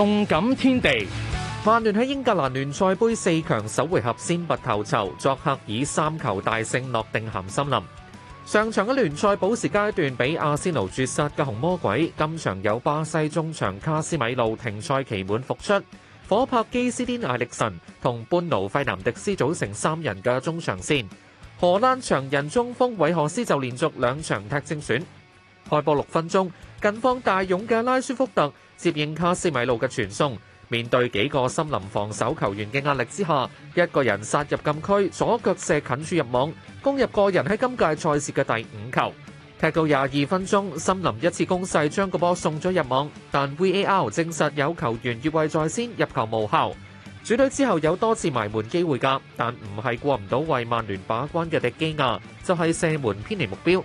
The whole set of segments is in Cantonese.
動感天地，曼聯喺英格蘭聯賽杯四強首回合先拔頭籌，作客以三球大勝諾定咸森林。上場嘅聯賽補時階段，俾阿仙奴絕殺嘅紅魔鬼，今場有巴西中場卡斯米路停賽期滿復出，夥拍基斯丁艾力臣同班奴費南迪斯組成三人嘅中場線。荷蘭長人中鋒韋何斯就連續兩場踢正選，開波六分鐘。近方大勇嘅拉舒福特接應卡斯米路嘅傳送，面對幾個森林防守球員嘅壓力之下，一個人殺入禁區，左腳射近柱入網，攻入個人喺今屆賽事嘅第五球。踢到廿二分鐘，森林一次攻勢將個波送咗入網，但 VAR 證實有球員越位在先，入球無效。主隊之後有多次埋門機會噶，但唔係過唔到為曼聯把關嘅迪基亞，就係射門偏離目標。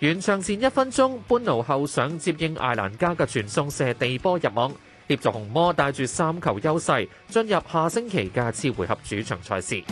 完場前一分鐘，班奴後上接應艾蘭加嘅傳送射地波入網，協助紅魔帶住三球優勢進入下星期嘅次回合主場賽事。